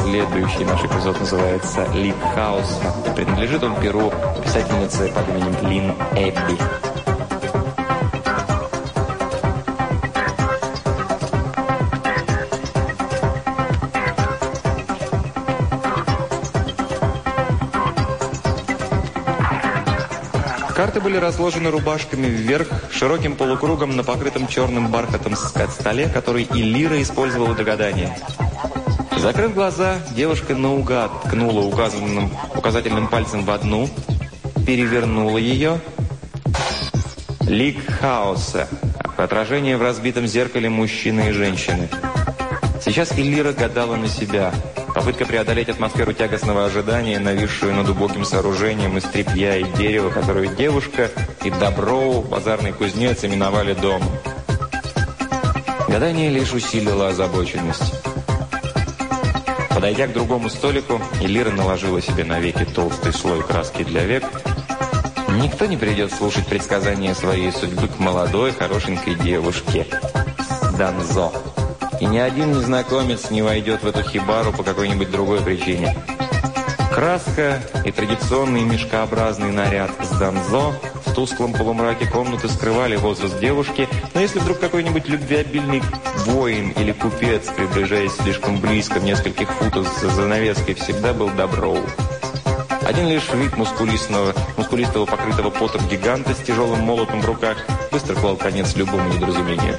Следующий наш эпизод называется «Лин Хауса». принадлежит он перу писательницы под именем Лин Эбби. Карты были разложены рубашками вверх, широким полукругом на покрытом черным бархатом скат-столе, который и Лира использовала для гадания. Закрыв глаза, девушка наугад ткнула указанным, указательным пальцем в одну, перевернула ее. Лик хаоса. Отражение в разбитом зеркале мужчины и женщины. Сейчас Элира гадала на себя. Попытка преодолеть атмосферу тягостного ожидания, нависшую над убогим сооружением из трепья и дерева, которую девушка и Доброу, базарный кузнец, именовали дом. Гадание лишь усилило озабоченность. Подойдя к другому столику, Элира наложила себе на веки толстый слой краски для век. Никто не придет слушать предсказания своей судьбы к молодой, хорошенькой девушке. Данзо. И ни один незнакомец не войдет в эту хибару по какой-нибудь другой причине. Краска и традиционный мешкообразный наряд с данзо – в тусклом полумраке комнаты скрывали возраст девушки, но если вдруг какой-нибудь любвеобильный воин или купец, приближаясь слишком близко, в нескольких футах за занавеской, всегда был добро. Один лишь вид мускулистного, мускулистого покрытого потом гиганта с тяжелым молотом в руках быстро клал конец любому недоразумению.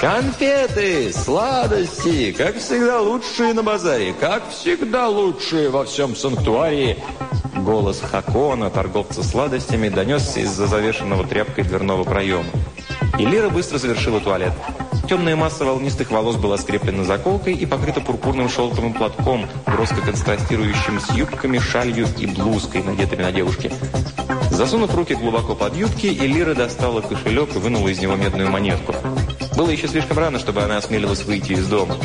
Конфеты, сладости, как всегда лучшие на базаре, как всегда лучшие во всем санктуарии, Голос Хакона, торговца сладостями, донесся из-за завешенного тряпкой дверного проема. И Лера быстро завершила туалет. Темная масса волнистых волос была скреплена заколкой и покрыта пурпурным шелковым платком, броско контрастирующим с юбками, шалью и блузкой, надетыми на девушке. Засунув руки глубоко под юбки, Элира достала кошелек и вынула из него медную монетку. Было еще слишком рано, чтобы она осмелилась выйти из дома.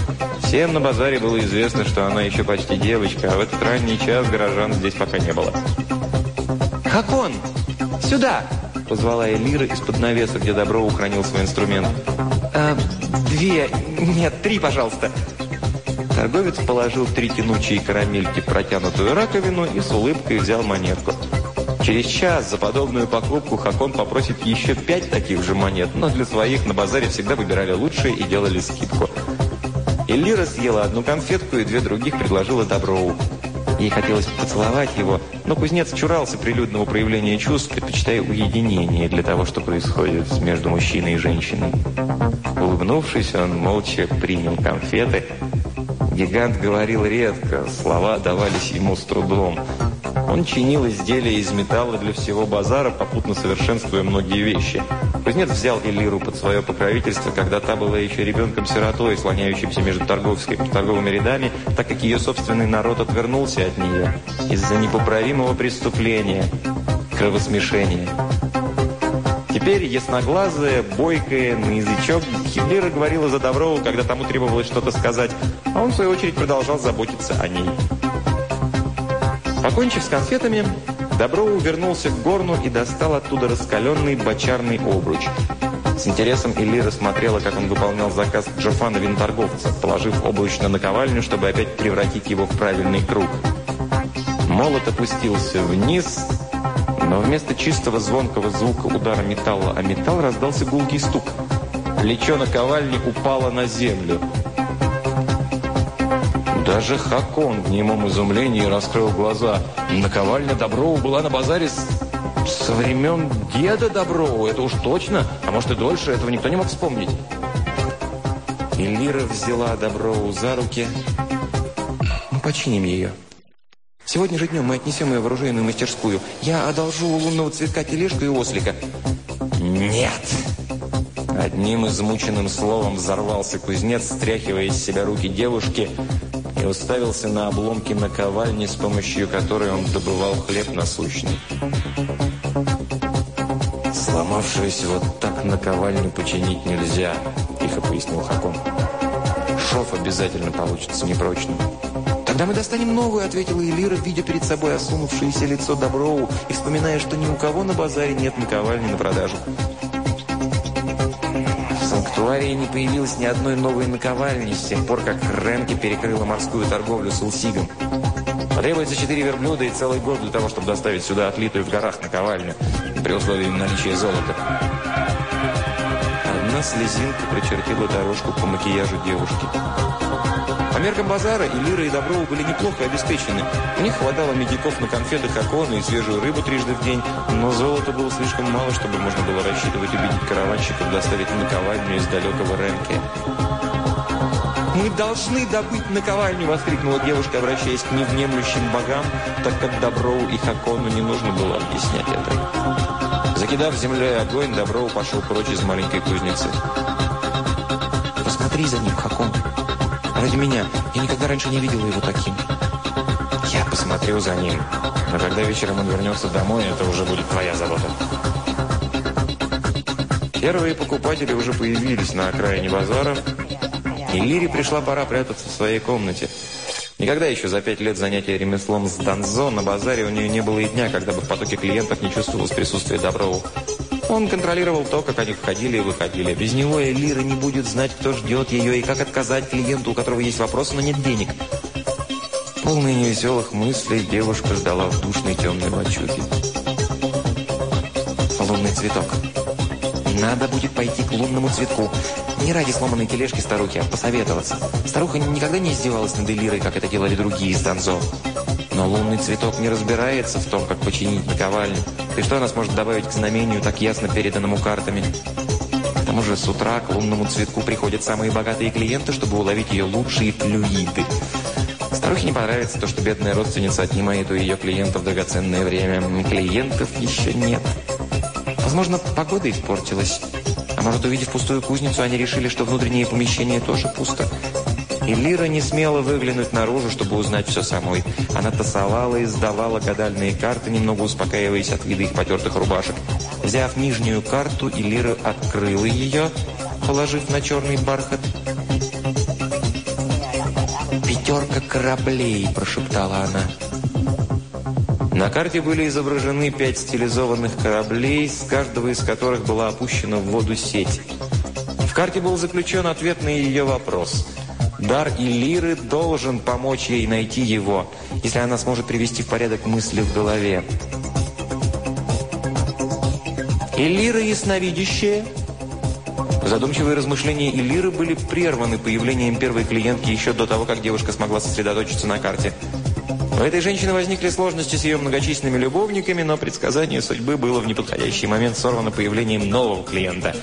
Всем на базаре было известно, что она еще почти девочка, а в этот ранний час горожан здесь пока не было. «Как он? Сюда!» – позвала Элира из-под навеса, где Добро ухранил свой инструмент. «Э, «Две, нет, три, пожалуйста!» Торговец положил три тянучие карамельки в протянутую раковину и с улыбкой взял монетку. Через час за подобную покупку Хакон попросит еще пять таких же монет, но для своих на базаре всегда выбирали лучшие и делали скидку. Эллира съела одну конфетку и две других предложила Доброу. Ей хотелось поцеловать его, но кузнец чурался прилюдного проявления чувств, предпочитая уединение для того, что происходит между мужчиной и женщиной. Улыбнувшись, он молча принял конфеты. Гигант говорил редко, слова давались ему с трудом – он чинил изделия из металла для всего базара, попутно совершенствуя многие вещи. Кузнец взял Элиру под свое покровительство, когда та была еще ребенком-сиротой, слоняющимся между торговскими торговыми рядами, так как ее собственный народ отвернулся от нее из-за непоправимого преступления – кровосмешения. Теперь ясноглазая, бойкая, на язычок, Хиблира говорила за Доброву, когда тому требовалось что-то сказать, а он, в свою очередь, продолжал заботиться о ней. Покончив с конфетами, Доброу вернулся к горну и достал оттуда раскаленный бочарный обруч. С интересом Элира смотрела, как он выполнял заказ Джофана Винторговца, положив обруч на наковальню, чтобы опять превратить его в правильный круг. Молот опустился вниз, но вместо чистого звонкого звука удара металла о металл раздался гулкий стук. Плечо наковальни упало на землю – даже Хакон в немом изумлении раскрыл глаза. Наковальня Доброва была на базаре с... со времен деда Доброва. Это уж точно, а может и дольше, этого никто не мог вспомнить. Эльвира взяла Доброву за руки. Мы починим ее. Сегодня же днем мы отнесем ее в оружейную мастерскую. Я одолжу у лунного цветка тележку и ослика. Нет! Одним измученным словом взорвался кузнец, стряхивая из себя руки девушки и уставился на обломки наковальни, с помощью которой он добывал хлеб насущный. Сломавшуюся вот так наковальню починить нельзя», – тихо пояснил Хакон. «Шов обязательно получится непрочным». «Тогда мы достанем новую», – ответила Элира, видя перед собой осунувшееся лицо Доброу и вспоминая, что ни у кого на базаре нет наковальни на продажу. В Ларии не появилось ни одной новой наковальни с тех пор, как Ренке перекрыла морскую торговлю с Улсигом. Потребуется четыре верблюда и целый год для того, чтобы доставить сюда отлитую в горах наковальню, при условии наличия золота. Одна слезинка прочертила дорожку по макияжу девушки. По меркам базара и Лира, и Доброва были неплохо обеспечены. У них хватало медиков на конфеты, коконы и свежую рыбу трижды в день, но золота было слишком мало, чтобы можно было рассчитывать убедить караванщиков доставить наковальню из далекого Ренке. «Мы должны добыть наковальню!» – воскликнула девушка, обращаясь к невнемлющим богам, так как Доброу и Хакону не нужно было объяснять это. Закидав землей огонь, Доброу пошел прочь из маленькой кузницы. «Посмотри за ним, Хакон!» Ради меня. Я никогда раньше не видела его таким. Я посмотрю за ним. Но а когда вечером он вернется домой, это уже будет твоя забота. Первые покупатели уже появились на окраине базара, и Лире пришла пора прятаться в своей комнате. Никогда еще за пять лет занятия ремеслом с Данзо на базаре у нее не было и дня, когда бы в потоке клиентов не чувствовалось присутствие Доброва. Он контролировал то, как они входили и выходили. Без него Элира не будет знать, кто ждет ее и как отказать клиенту, у которого есть вопросы, но нет денег. Полные невеселых мыслей девушка ждала в душной темной лачуге. Лунный цветок. Надо будет пойти к лунному цветку. Не ради сломанной тележки старухи, а посоветоваться. Старуха никогда не издевалась над Элирой, как это делали другие из Донзо. Но лунный цветок не разбирается в том, как починить наковальню. И что она сможет добавить к знамению, так ясно переданному картами? К тому же с утра к лунному цветку приходят самые богатые клиенты, чтобы уловить ее лучшие флюиды. Старухе не понравится то, что бедная родственница отнимает у ее клиентов драгоценное время. Клиентов еще нет. Возможно, погода испортилась. А может, увидев пустую кузницу, они решили, что внутреннее помещение тоже пусто. И Лира не смела выглянуть наружу, чтобы узнать все самой. Она тасовала и сдавала гадальные карты, немного успокаиваясь от вида их потертых рубашек. Взяв нижнюю карту, Элира открыла ее, положив на черный бархат. «Пятерка кораблей», – прошептала она. На карте были изображены пять стилизованных кораблей, с каждого из которых была опущена в воду сеть. В карте был заключен ответ на ее вопрос – Дар и должен помочь ей найти его, если она сможет привести в порядок мысли в голове. Элира ясновидящая. Задумчивые размышления Элиры были прерваны появлением первой клиентки еще до того, как девушка смогла сосредоточиться на карте. У этой женщины возникли сложности с ее многочисленными любовниками, но предсказание судьбы было в неподходящий момент сорвано появлением нового клиента.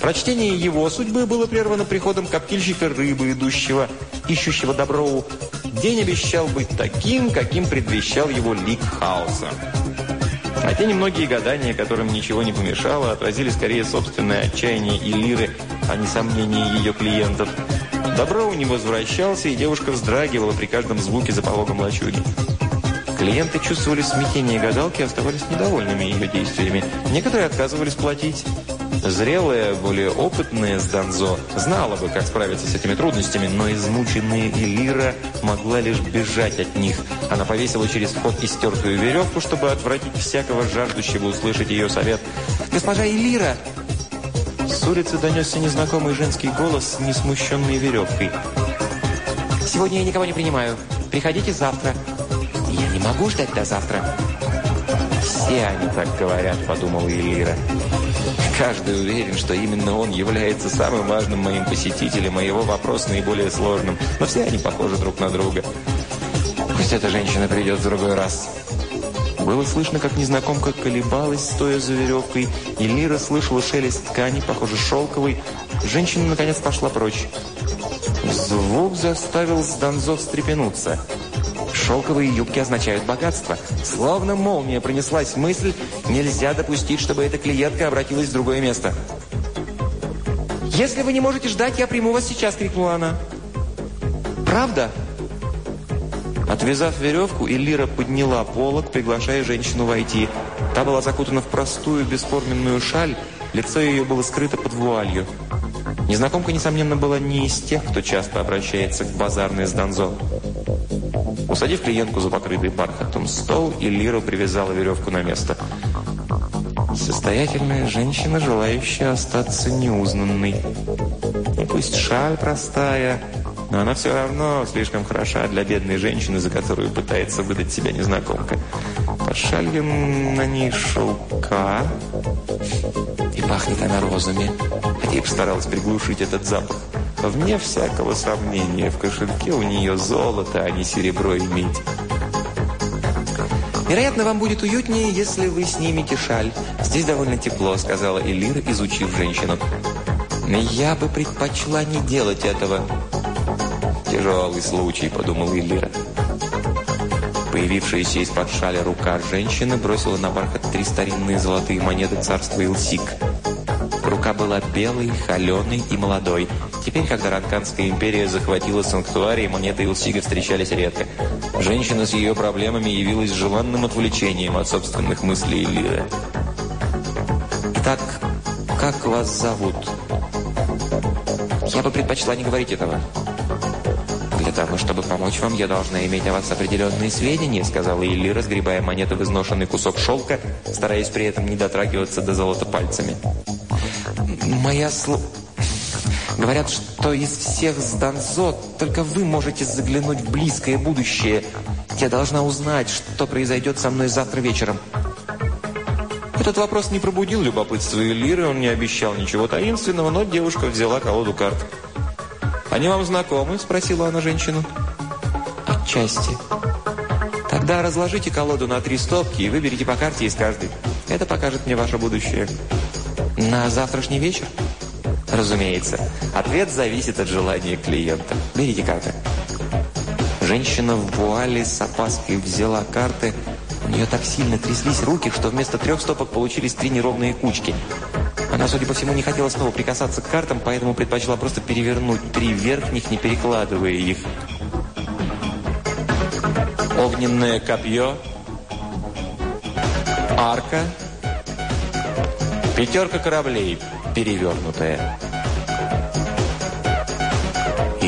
Прочтение его судьбы было прервано приходом коптильщика рыбы, идущего, ищущего добро. День обещал быть таким, каким предвещал его лик хаоса. А те немногие гадания, которым ничего не помешало, отразили скорее собственное отчаяние и лиры, а не сомнения ее клиентов. Добро у него возвращался, и девушка вздрагивала при каждом звуке за пологом лачуги. Клиенты чувствовали смятение гадалки и оставались недовольными ее действиями. Некоторые отказывались платить. Зрелая, более опытная Данзо знала бы, как справиться с этими трудностями, но измученная Элира могла лишь бежать от них. Она повесила через вход истертую веревку, чтобы отвратить всякого жаждущего услышать ее совет. «Госпожа Элира!» С улицы донесся незнакомый женский голос, не смущенный веревкой. «Сегодня я никого не принимаю. Приходите завтра». «Я не могу ждать до завтра». «Все они так говорят», — подумала Элира. «Элира» каждый уверен, что именно он является самым важным моим посетителем, а его вопрос наиболее сложным. Но все они похожи друг на друга. Пусть эта женщина придет в другой раз. Было слышно, как незнакомка колебалась, стоя за веревкой, и Лира слышала шелест ткани, похоже, шелковой. Женщина, наконец, пошла прочь. Звук заставил Сданзо встрепенуться – Шелковые юбки означают богатство. Словно молния пронеслась мысль, нельзя допустить, чтобы эта клиентка обратилась в другое место. «Если вы не можете ждать, я приму вас сейчас!» – крикнула она. «Правда?» Отвязав веревку, Элира подняла полок, приглашая женщину войти. Та была закутана в простую бесформенную шаль, лицо ее было скрыто под вуалью. Незнакомка, несомненно, была не из тех, кто часто обращается к базарной с Донзо. Усадив клиентку за покрытый бархатом стол, и Лира привязала веревку на место. Состоятельная женщина, желающая остаться неузнанной. И пусть шаль простая, но она все равно слишком хороша для бедной женщины, за которую пытается выдать себя незнакомка. Под шалью на ней шелка, и пахнет она розами. Хотя и постаралась приглушить этот запах. А вне всякого сомнения, в кошельке у нее золото, а не серебро и медь. «Вероятно, вам будет уютнее, если вы снимете шаль. Здесь довольно тепло», — сказала Элира, изучив женщину. «Я бы предпочла не делать этого». «Тяжелый случай», — подумал Элира. Появившаяся из-под шаля рука женщины бросила на бархат три старинные золотые монеты царства Илсик. Рука была белой, холеной и молодой — Теперь, когда Ранканская империя захватила санктуарий, монеты Илсига встречались редко. Женщина с ее проблемами явилась желанным отвлечением от собственных мыслей Лиры. «Итак, как вас зовут?» «Я бы предпочла не говорить этого». «Для того, чтобы помочь вам, я должна иметь о вас определенные сведения», сказала Илли, разгребая монеты в изношенный кусок шелка, стараясь при этом не дотрагиваться до золота пальцами. «Моя слу...» Говорят, что из всех с Донзо только вы можете заглянуть в близкое будущее. Я должна узнать, что произойдет со мной завтра вечером. Этот вопрос не пробудил любопытство Элиры, он не обещал ничего таинственного, но девушка взяла колоду карт. «Они вам знакомы?» – спросила она женщину. «Отчасти». «Тогда разложите колоду на три стопки и выберите по карте из каждой. Это покажет мне ваше будущее». «На завтрашний вечер?» Разумеется, ответ зависит от желания клиента. Берите карты. Женщина в вуале с опаской взяла карты. У нее так сильно тряслись руки, что вместо трех стопок получились три неровные кучки. Она, судя по всему, не хотела снова прикасаться к картам, поэтому предпочла просто перевернуть три верхних, не перекладывая их. Огненное копье. Арка. Пятерка кораблей, перевернутая.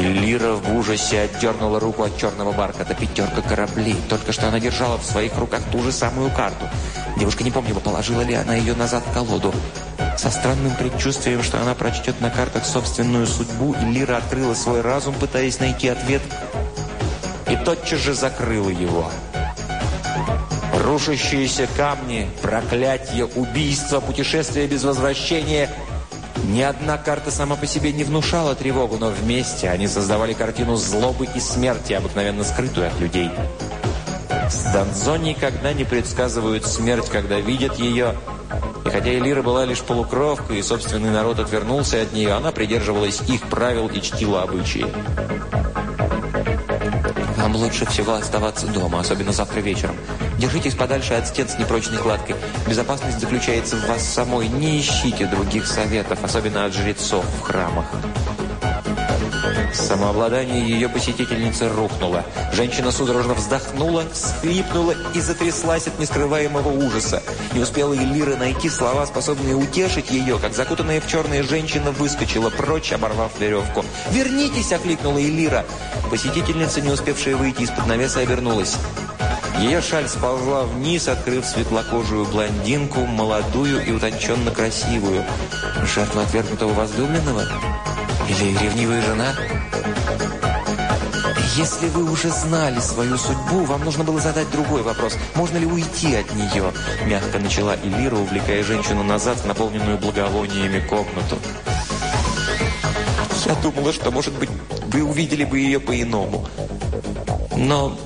Лира в ужасе отдернула руку от черного бархата. Пятерка кораблей. Только что она держала в своих руках ту же самую карту. Девушка не помнила, положила ли она ее назад в колоду. Со странным предчувствием, что она прочтет на картах собственную судьбу, Лира открыла свой разум, пытаясь найти ответ, и тотчас же закрыла его. Рушащиеся камни, проклятие, убийство, путешествие без возвращения – ни одна карта сама по себе не внушала тревогу, но вместе они создавали картину злобы и смерти, обыкновенно скрытую от людей. Станзо никогда не предсказывают смерть, когда видят ее. И хотя Элира была лишь полукровкой, и собственный народ отвернулся от нее, она придерживалась их правил и чтила обычаи. «Вам лучше всего оставаться дома, особенно завтра вечером. Держитесь подальше от стен с непрочной кладкой. Безопасность заключается в вас самой. Не ищите других советов, особенно от жрецов в храмах. Самообладание ее посетительницы рухнуло. Женщина судорожно вздохнула, всхлипнула и затряслась от нескрываемого ужаса. Не успела Элира найти слова, способные утешить ее, как закутанная в черные женщина выскочила прочь, оборвав веревку. «Вернитесь!» – окликнула Элира. Посетительница, не успевшая выйти из-под навеса, обернулась. Ее шаль сползла вниз, открыв светлокожую блондинку, молодую и утонченно красивую. Жертву отвергнутого возлюбленного? Или ревнивая жена? Если вы уже знали свою судьбу, вам нужно было задать другой вопрос. Можно ли уйти от нее? Мягко начала Элира, увлекая женщину назад в наполненную благовониями комнату. Я думала, что, может быть, вы увидели бы ее по-иному. Но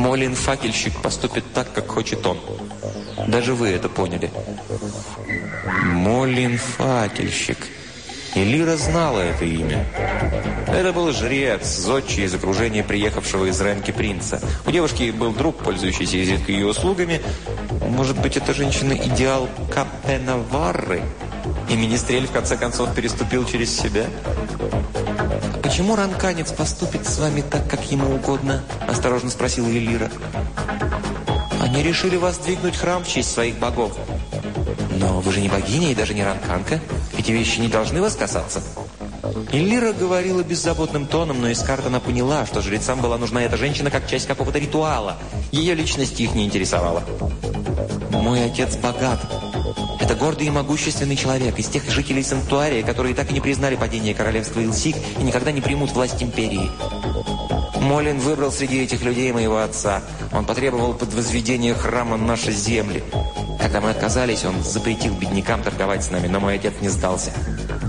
Молин факельщик поступит так, как хочет он. Даже вы это поняли. Молин факельщик. И Лира знала это имя. Это был жрец, зодчий из окружения приехавшего из Ренки принца. У девушки был друг, пользующийся изредка ее услугами. Может быть, эта женщина идеал Капенавары И министрель, в конце концов, переступил через себя? «Почему ранканец поступит с вами так, как ему угодно?» – осторожно спросил Элира. «Они решили воздвигнуть храм в честь своих богов». «Но вы же не богиня и даже не ранканка. Эти вещи не должны вас касаться». Эллира говорила беззаботным тоном, но Искартана поняла, что жрецам была нужна эта женщина как часть какого-то ритуала. Ее личность их не интересовала. «Мой отец богат», это гордый и могущественный человек из тех жителей Санктуария, которые так и не признали падение королевства Илсик и никогда не примут власть империи. Молин выбрал среди этих людей моего отца. Он потребовал подвозведения храма нашей земли. Когда мы отказались, он запретил беднякам торговать с нами, но мой отец не сдался.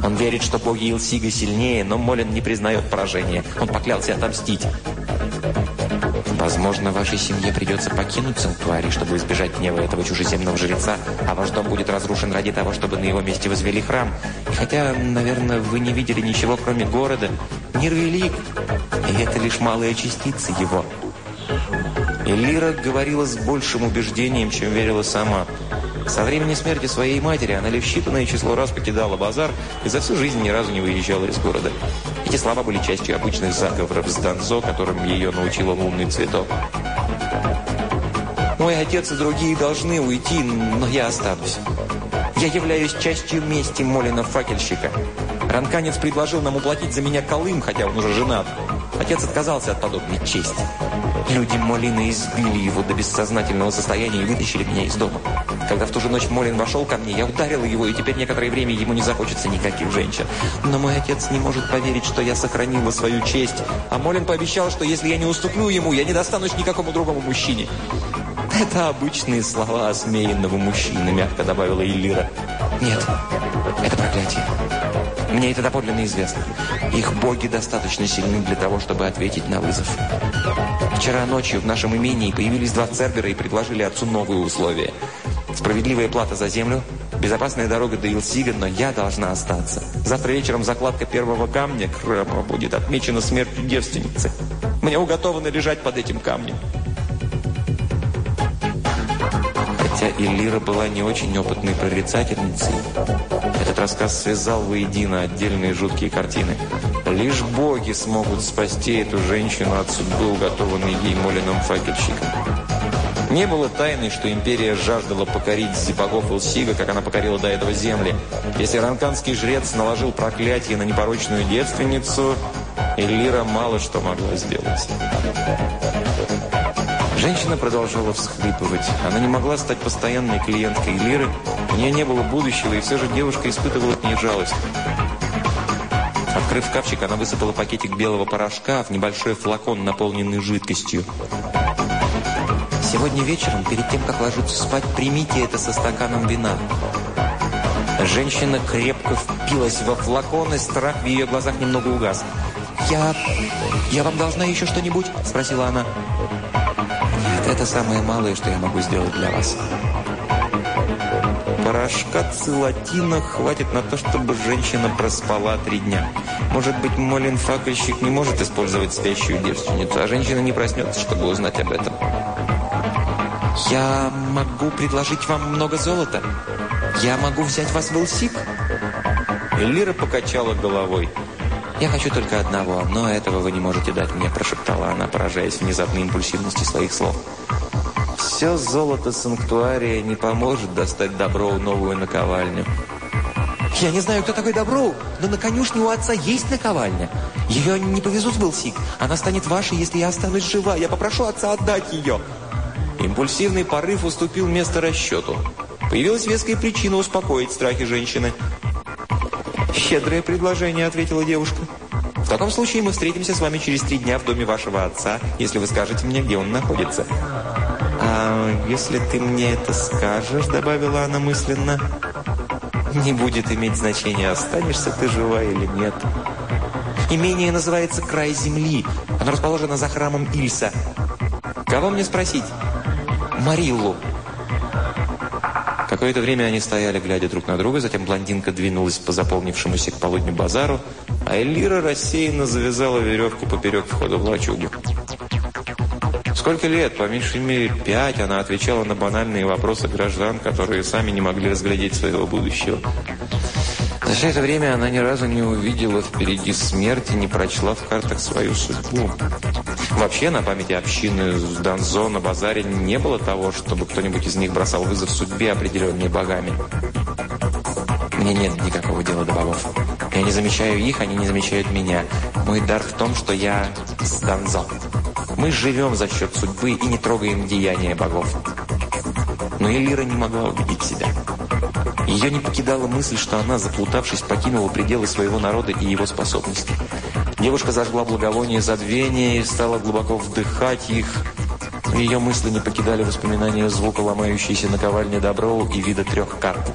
Он верит, что боги Илсига сильнее, но Молин не признает поражения. Он поклялся отомстить. Возможно, вашей семье придется покинуть санктуарий, чтобы избежать гнева этого чужеземного жреца, а ваш дом будет разрушен ради того, чтобы на его месте возвели храм. И хотя, наверное, вы не видели ничего, кроме города, мир велик, и это лишь малая частица его. Элира говорила с большим убеждением, чем верила сама. Со времени смерти своей матери она лишь считанное число раз покидала базар и за всю жизнь ни разу не выезжала из города. Эти слова были частью обычных заговоров с Данзо, которым ее научила лунный цветок. «Мой отец и другие должны уйти, но я останусь. Я являюсь частью мести Молина-факельщика. Ранканец предложил нам уплатить за меня колым, хотя он уже женат. Отец отказался от подобной чести. Люди Молина избили его до бессознательного состояния и вытащили меня из дома. Когда в ту же ночь Молин вошел ко мне, я ударила его, и теперь некоторое время ему не захочется никаких женщин. Но мой отец не может поверить, что я сохранила свою честь. А Молин пообещал, что если я не уступлю ему, я не достанусь никакому другому мужчине. «Это обычные слова осмеянного мужчины», — мягко добавила Иллира. «Нет, это проклятие. Мне это доподлинно известно. Их боги достаточно сильны для того, чтобы ответить на вызов. Вчера ночью в нашем имении появились два цербера и предложили отцу новые условия». Справедливая плата за землю, безопасная дорога до Илсига, но я должна остаться. Завтра вечером закладка первого камня Крыма будет отмечена смертью девственницы. Мне уготовано лежать под этим камнем. Хотя Элира была не очень опытной прорицательницей, этот рассказ связал воедино отдельные жуткие картины. Лишь боги смогут спасти эту женщину от судьбы, уготованной ей моленным факельщиком. Не было тайны, что империя жаждала покорить богов Илсига, как она покорила до этого земли. Если ранканский жрец наложил проклятие на непорочную девственницу, Эллира мало что могла сделать. Женщина продолжала всхлипывать. Она не могла стать постоянной клиенткой Лиры. У нее не было будущего, и все же девушка испытывала к ней жалость. Открыв шкафчик, она высыпала пакетик белого порошка в небольшой флакон, наполненный жидкостью. Сегодня вечером, перед тем, как ложиться спать, примите это со стаканом вина. Женщина крепко впилась во флакон, и страх в ее глазах немного угас. «Я... я вам должна еще что-нибудь?» – спросила она. «Нет, это самое малое, что я могу сделать для вас». Порошка целатина хватит на то, чтобы женщина проспала три дня. Может быть, Молин факельщик не может использовать спящую девственницу, а женщина не проснется, чтобы узнать об этом. Я могу предложить вам много золота. Я могу взять вас в Элсик. Эльмира покачала головой. «Я хочу только одного, но этого вы не можете дать мне», – прошептала она, поражаясь внезапной импульсивности своих слов. «Все золото санктуария не поможет достать Доброу новую наковальню». «Я не знаю, кто такой Доброу, но на конюшне у отца есть наковальня. Ее не повезут в Белсик. Она станет вашей, если я останусь жива. Я попрошу отца отдать ее». Импульсивный порыв уступил место расчету. Появилась веская причина успокоить страхи женщины. «Щедрое предложение», — ответила девушка. «В таком случае мы встретимся с вами через три дня в доме вашего отца, если вы скажете мне, где он находится». «А если ты мне это скажешь», — добавила она мысленно, «не будет иметь значения, останешься ты жива или нет». Имение называется «Край земли». Оно расположено за храмом Ильса. Кого мне спросить? Мариллу!» Какое-то время они стояли, глядя друг на друга, затем блондинка двинулась по заполнившемуся к полудню базару, а Элира рассеянно завязала веревку поперек входа в лачугу. Сколько лет, по меньшей мере пять, она отвечала на банальные вопросы граждан, которые сами не могли разглядеть своего будущего. За все это время она ни разу не увидела впереди смерти, не прочла в картах свою судьбу. Вообще, на памяти общины с Донзо на базаре не было того, чтобы кто-нибудь из них бросал вызов судьбе, определенной богами. Мне нет никакого дела до богов. Я не замечаю их, они не замечают меня. Мой дар в том, что я с Донзо. Мы живем за счет судьбы и не трогаем деяния богов. Но Элира не могла убедить себя. Ее не покидала мысль, что она, заплутавшись, покинула пределы своего народа и его способностей. Девушка зажгла благовоние забвения и стала глубоко вдыхать их. Ее мысли не покидали воспоминания звука ломающейся наковальни Доброу и вида трех карт.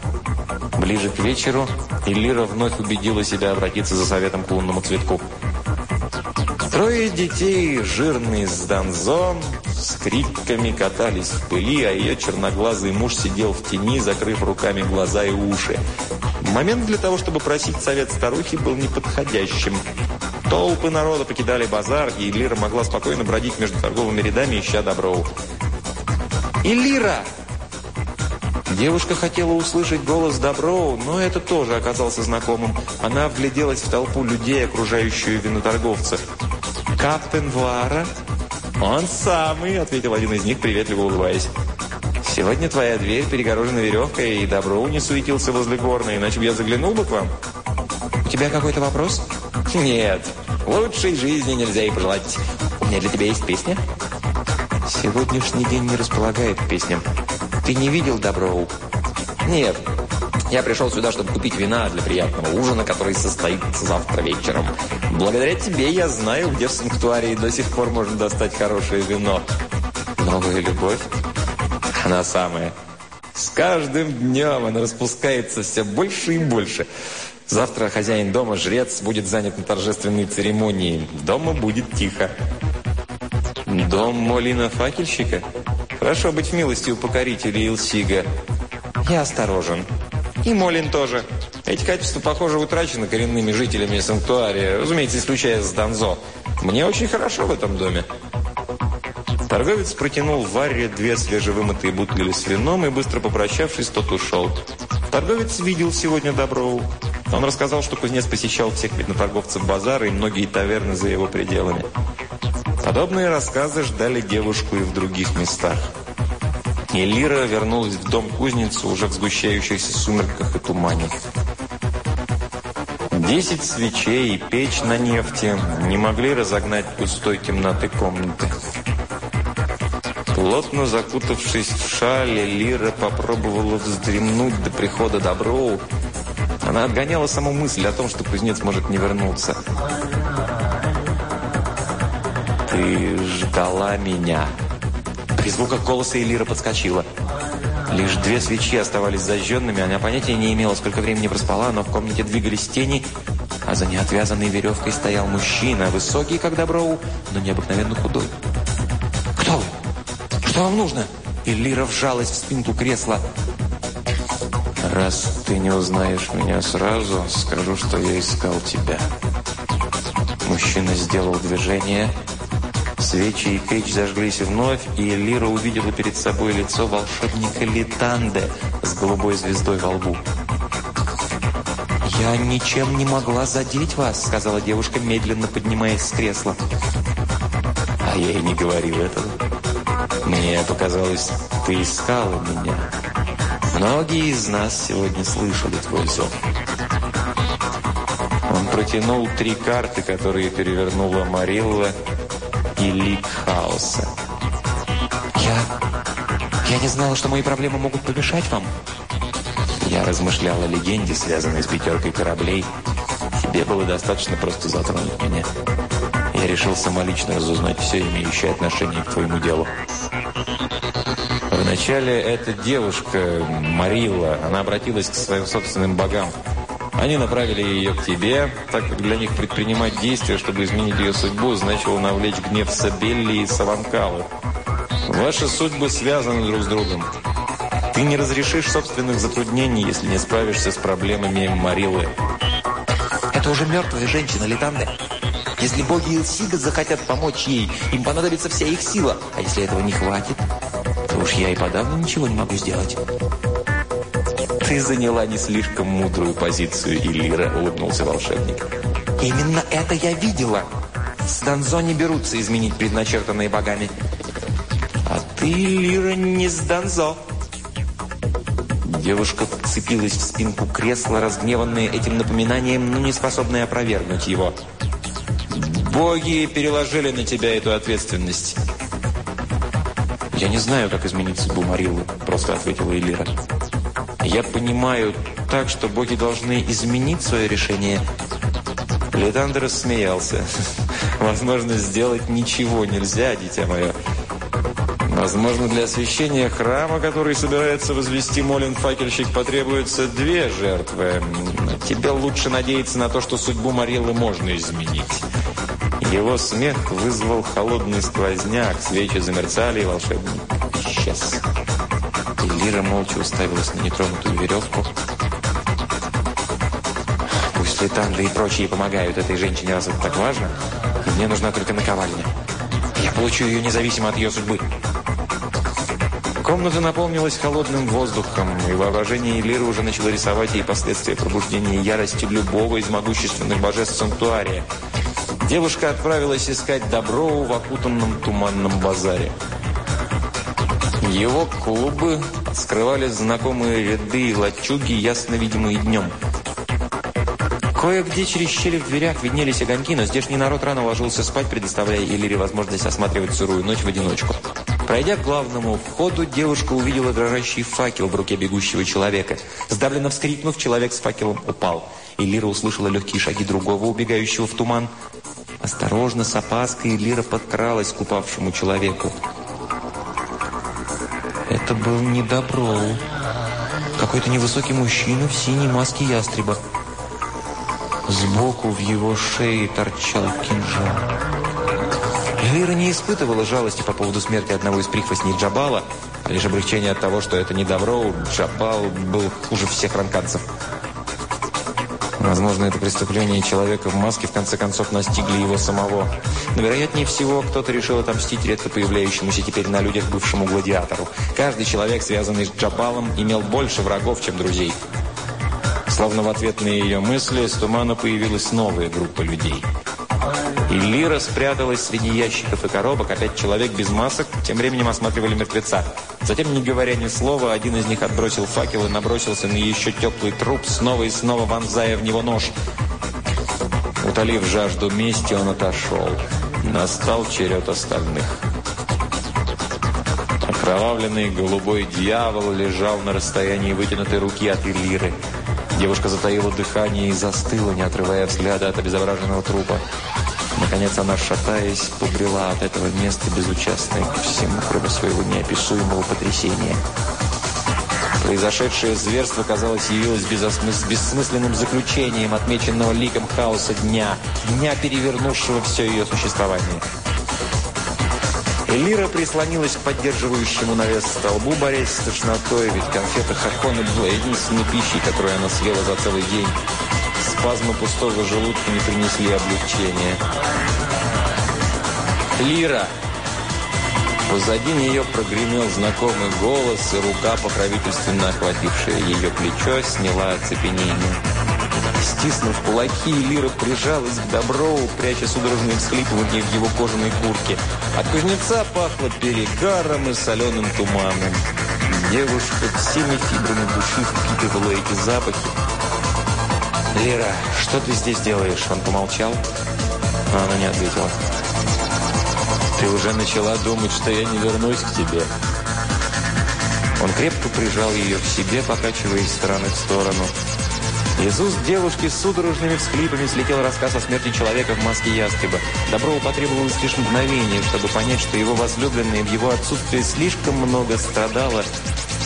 Ближе к вечеру Элира вновь убедила себя обратиться за советом к лунному цветку. Трое детей, жирные с донзом, с криками катались в пыли, а ее черноглазый муж сидел в тени, закрыв руками глаза и уши. Момент для того, чтобы просить совет старухи, был неподходящим. Толпы народа покидали базар, и Лира могла спокойно бродить между торговыми рядами, ища И Лира, Девушка хотела услышать голос Доброу, но это тоже оказался знакомым. Она вгляделась в толпу людей, окружающую виноторговца. «Каптен Вара, «Он самый», — ответил один из них, приветливо улыбаясь. «Сегодня твоя дверь перегорожена веревкой, и Доброу не суетился возле горна, иначе бы я заглянул бы к вам». «У тебя какой-то вопрос?» Нет, лучшей жизни нельзя и пожелать. У меня для тебя есть песня? Сегодняшний день не располагает песням. Ты не видел Доброу? Нет. Я пришел сюда, чтобы купить вина для приятного ужина, который состоится завтра вечером. Благодаря тебе я знаю, где в санктуарии до сих пор можно достать хорошее вино. Новая любовь? Она самая. С каждым днем она распускается все больше и больше. Завтра хозяин дома, жрец, будет занят на торжественной церемонии. Дома будет тихо. Дом Молина-факельщика? Хорошо быть милостью покорителей Илсига. Я осторожен. И Молин тоже. Эти качества, похоже, утрачены коренными жителями санктуария, разумеется, исключая Сданзо. Мне очень хорошо в этом доме. Торговец протянул Варре две свежевымытые бутыли с вином и, быстро попрощавшись, тот ушел. Торговец видел сегодня Доброву. Он рассказал, что кузнец посещал всех медноторговцев базары и многие таверны за его пределами. Подобные рассказы ждали девушку и в других местах. И вернулась в дом кузницы уже в сгущающихся сумерках и тумане. Десять свечей и печь на нефти не могли разогнать пустой темноты комнаты. Плотно закутавшись в шале, Лира попробовала вздремнуть до прихода Доброу, она отгоняла саму мысль о том, что кузнец может не вернуться. «Ты ждала меня!» При звуках голоса Элира подскочила. Лишь две свечи оставались зажженными, она понятия не имела, сколько времени проспала, но в комнате двигались тени, а за неотвязанной веревкой стоял мужчина, высокий, как доброу, но необыкновенно худой. «Кто вы? Что вам нужно?» И вжалась в спинку кресла. Раз ты не узнаешь меня сразу, скажу, что я искал тебя. Мужчина сделал движение. Свечи и печь зажглись вновь, и Лира увидела перед собой лицо волшебника Литанде с голубой звездой во лбу. «Я ничем не могла задеть вас», — сказала девушка, медленно поднимаясь с кресла. «А я и не говорил этого. Мне показалось, ты искала меня». Многие из нас сегодня слышали твой зов. Он протянул три карты, которые перевернула Марилла и лик хаоса. Я... я не знала, что мои проблемы могут помешать вам. Я размышляла о легенде, связанной с пятеркой кораблей. Тебе было достаточно просто затронуть меня. Я решил самолично разузнать все, имеющее отношение к твоему делу. Вначале эта девушка, Марила, она обратилась к своим собственным богам. Они направили ее к тебе, так как для них предпринимать действия, чтобы изменить ее судьбу, значило навлечь гнев Сабелли и Саванкалы. Ваши судьбы связаны друг с другом. Ты не разрешишь собственных затруднений, если не справишься с проблемами Марилы. Это уже мертвая женщина, Литанде. Если боги Илсига захотят помочь ей, им понадобится вся их сила. А если этого не хватит, Уж я и подавно ничего не могу сделать. Ты заняла не слишком мудрую позицию, Элира, улыбнулся волшебник. Именно это я видела. С Данзо не берутся изменить предначертанные богами. А ты, Лира, не с Данзо. Девушка вцепилась в спинку кресла, разгневанная этим напоминанием, но не способная опровергнуть его. «Боги переложили на тебя эту ответственность. «Я не знаю, как изменить судьбу Мариллы», – просто ответила Элира. «Я понимаю так, что боги должны изменить свое решение». Летандер рассмеялся. «Возможно, сделать ничего нельзя, дитя мое». Возможно, для освещения храма, который собирается возвести Молин факельщик, потребуется две жертвы. Тебе лучше надеяться на то, что судьбу Марилы можно изменить. Его смех вызвал холодный сквозняк, свечи замерцали, и волшебник исчез. И Лира молча уставилась на нетронутую веревку. Пусть Литанда и прочие помогают этой женщине, раз это так важно, мне нужна только наковальня. Я получу ее независимо от ее судьбы. Комната наполнилась холодным воздухом, и воображение Элиры уже начало рисовать ей последствия пробуждения ярости любого из могущественных божеств Сантуария – Девушка отправилась искать Доброву в окутанном туманном базаре. Его клубы скрывали знакомые ряды и лачуги, ясно видимые днем. Кое-где через щели в дверях виднелись огоньки, но здешний народ рано ложился спать, предоставляя Элире возможность осматривать сырую ночь в одиночку. Пройдя к главному входу, девушка увидела дрожащий факел в руке бегущего человека. Сдавленно вскрикнув, человек с факелом упал. Элира услышала легкие шаги другого, убегающего в туман. Осторожно, с опаской, Лира подкралась к упавшему человеку. Это был не Доброу. Какой-то невысокий мужчина в синей маске ястреба. Сбоку в его шее торчал кинжал. Лира не испытывала жалости по поводу смерти одного из прихвостней Джабала, лишь облегчение от того, что это не Доброу, Джабал был хуже всех ранканцев. Возможно, это преступление человека в маске в конце концов настигли его самого. Но, вероятнее всего, кто-то решил отомстить редко появляющемуся теперь на людях бывшему гладиатору. Каждый человек, связанный с Джабалом, имел больше врагов, чем друзей. Словно в ответ на ее мысли, с тумана появилась новая группа людей – и Лира спряталась среди ящиков и коробок. Опять человек без масок. Тем временем осматривали мертвеца. Затем, не говоря ни слова, один из них отбросил факел и набросился на еще теплый труп, снова и снова вонзая в него нож. Утолив жажду мести, он отошел. Настал черед остальных. Окровавленный голубой дьявол лежал на расстоянии вытянутой руки от Элиры. Девушка затаила дыхание и застыла, не отрывая взгляда от обезображенного трупа. Наконец она, шатаясь, побрела от этого места безучастной ко всему, кроме своего неописуемого потрясения. Произошедшее зверство, казалось, явилось безосмыс... бессмысленным заключением, отмеченного ликом хаоса дня, дня, перевернувшего все ее существование. Элира прислонилась к поддерживающему навес столбу, борясь с тошнотой, ведь конфета Хакона была единственной пищей, которую она съела за целый день спазмы пустого желудка не принесли облегчения. «Лира!» Позади нее прогремел знакомый голос, и рука, покровительственно охватившая ее плечо, сняла оцепенение. Стиснув кулаки, Лира прижалась к Доброу, пряча судорожные всхлипывания в его кожаной куртке. От кузнеца пахло перегаром и соленым туманом. Девушка всеми фибрами души впитывала эти запахи, «Лера, что ты здесь делаешь?» Он помолчал, но она не ответила. «Ты уже начала думать, что я не вернусь к тебе». Он крепко прижал ее к себе, покачиваясь из стороны в сторону. Иисус уст девушки с судорожными всклипами слетел рассказ о смерти человека в маске ястреба. Доброву потребовалось лишь мгновение, чтобы понять, что его возлюбленная в его отсутствии слишком много страдала,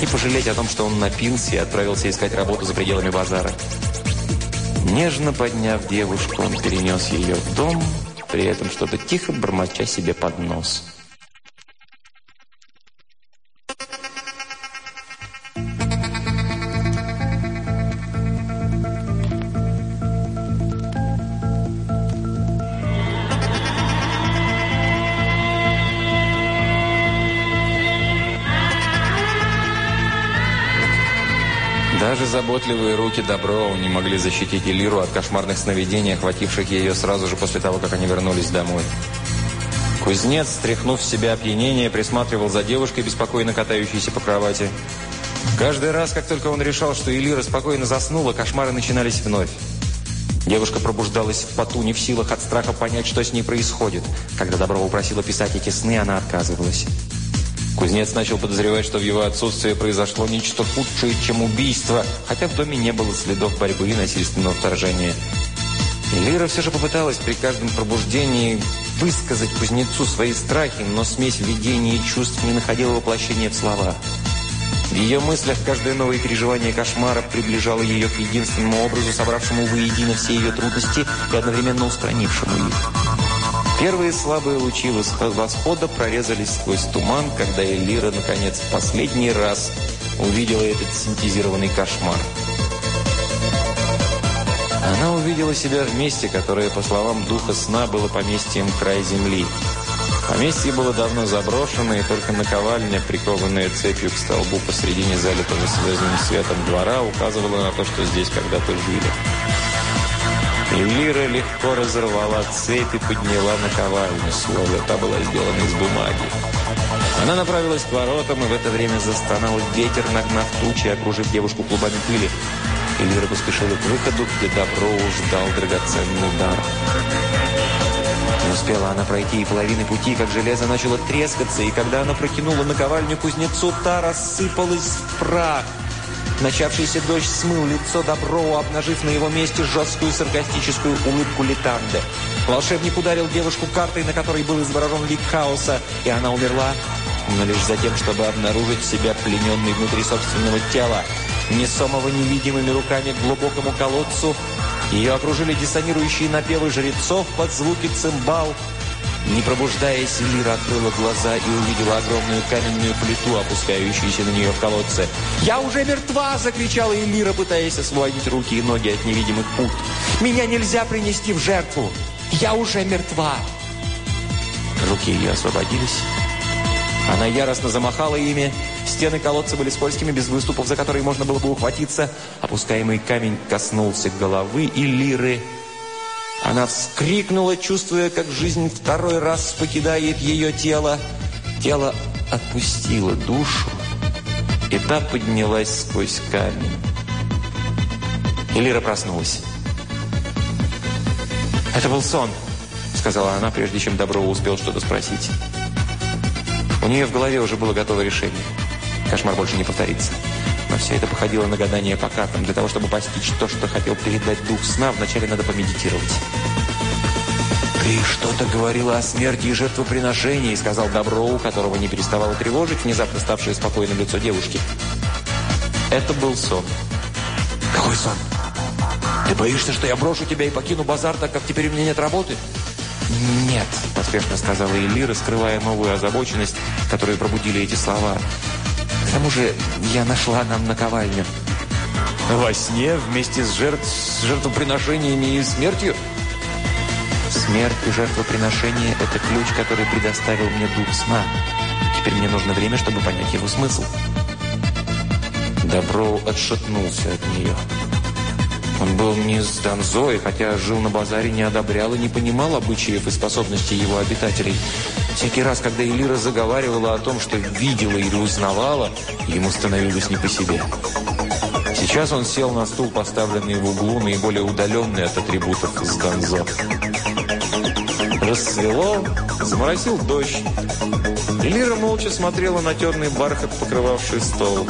и пожалеть о том, что он напился и отправился искать работу за пределами базара. Нежно подняв девушку, он перенес ее в дом, при этом что-то тихо бормоча себе под нос. заботливые руки Доброу не могли защитить Элиру от кошмарных сновидений, охвативших ее сразу же после того, как они вернулись домой. Кузнец, стряхнув с себя опьянение, присматривал за девушкой, беспокойно катающейся по кровати. Каждый раз, как только он решал, что Элира спокойно заснула, кошмары начинались вновь. Девушка пробуждалась в поту, не в силах от страха понять, что с ней происходит. Когда Доброва просила писать эти сны, она отказывалась. Кузнец начал подозревать, что в его отсутствие произошло нечто худшее, чем убийство, хотя в доме не было следов борьбы и насильственного вторжения. Лира все же попыталась при каждом пробуждении высказать кузнецу свои страхи, но смесь видений и чувств не находила воплощения в слова. В ее мыслях каждое новое переживание кошмара приближало ее к единственному образу, собравшему воедино все ее трудности и одновременно устранившему их. Первые слабые лучи восхода прорезались сквозь туман, когда Элира, наконец, в последний раз увидела этот синтезированный кошмар. Она увидела себя в месте, которое, по словам духа сна, было поместьем край земли. Поместье было давно заброшено, и только наковальня, прикованная цепью к столбу посредине залитого звездным светом двора, указывала на то, что здесь когда-то жили. Эльвира легко разорвала цепь и подняла наковальню, словно та была сделана из бумаги. Она направилась к воротам, и в это время застонал ветер, нагнав тучи, окружив девушку клубами пыли. Эльвира поспешила к выходу, где добро ждал драгоценный удар. Не успела она пройти и половины пути, как железо начало трескаться, и когда она прокинула наковальню кузнецу, та рассыпалась в прах. Начавшийся дождь смыл лицо Доброу, обнажив на его месте жесткую саркастическую улыбку Литанды. Волшебник ударил девушку картой, на которой был изображен лик хаоса, и она умерла, но лишь за тем, чтобы обнаружить себя плененной внутри собственного тела. Несомого невидимыми руками к глубокому колодцу ее окружили диссонирующие напевы жрецов под звуки цимбал – не пробуждаясь, Лира открыла глаза и увидела огромную каменную плиту, опускающуюся на нее в колодце. «Я уже мертва!» – закричала Элира, пытаясь освободить руки и ноги от невидимых пут. «Меня нельзя принести в жертву! Я уже мертва!» Руки ее освободились. Она яростно замахала ими. Стены колодца были скользкими, без выступов, за которые можно было бы ухватиться. Опускаемый камень коснулся головы и Лиры – она вскрикнула, чувствуя, как жизнь второй раз покидает ее тело. Тело отпустило душу, и та поднялась сквозь камень. Элира проснулась. «Это был сон», — сказала она, прежде чем Доброва успел что-то спросить. У нее в голове уже было готово решение. Кошмар больше не повторится но все это походило на гадание по картам. Для того, чтобы постичь то, что хотел передать дух сна, вначале надо помедитировать. «Ты что-то говорила о смерти и жертвоприношении», — сказал Доброу, которого не переставало тревожить, внезапно ставшее спокойным лицо девушки. Это был сон. «Какой сон? Ты боишься, что я брошу тебя и покину базар, так как теперь у меня нет работы?» «Нет», — поспешно сказала Элира, скрывая новую озабоченность, которую пробудили эти слова. К тому же я нашла нам наковальню. Во сне вместе с, жертв, с жертвоприношениями и смертью? Смерть и жертвоприношение – это ключ, который предоставил мне дух сна. Теперь мне нужно время, чтобы понять его смысл. Добро отшатнулся от нее. Он был не с Донзой, хотя жил на базаре, не одобрял и не понимал обычаев и способностей его обитателей. Всякий раз, когда Элира заговаривала о том, что видела или узнавала, ему становилось не по себе. Сейчас он сел на стул, поставленный в углу, наиболее удаленный от атрибутов с Донзо. Рассвело, заморосил дождь. Элира молча смотрела на терный бархат, покрывавший стол.